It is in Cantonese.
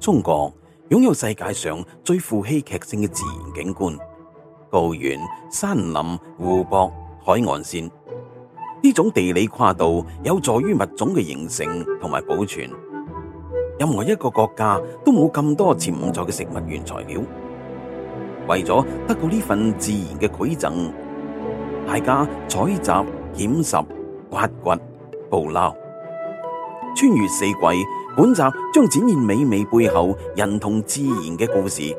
中國擁有世界上最富戲劇性嘅自然景觀：高原、山林、湖泊、海岸線。呢種地理跨度有助於物種嘅形成同埋保存。任何一個國家都冇咁多潛在嘅食物原材料。為咗得到呢份自然嘅饋贈，大家採集、撿拾、挖掘、捕撈，穿越四季。本集將展現美味背後人同自然嘅故事。